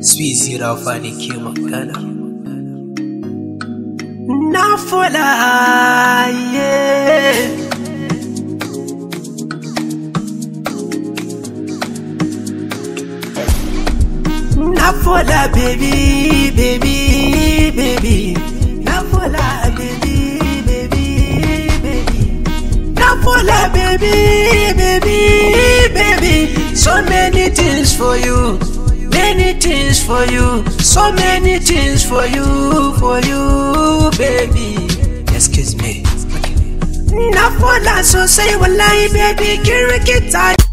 Swizira fanike magana Na fola yeah. Na fola baby baby baby Na fola baby baby baby Na fola baby baby baby so many things for you many things for you, so many things for you, for you, baby. Excuse me. Not for that, so say, well, I, baby, carry it tight.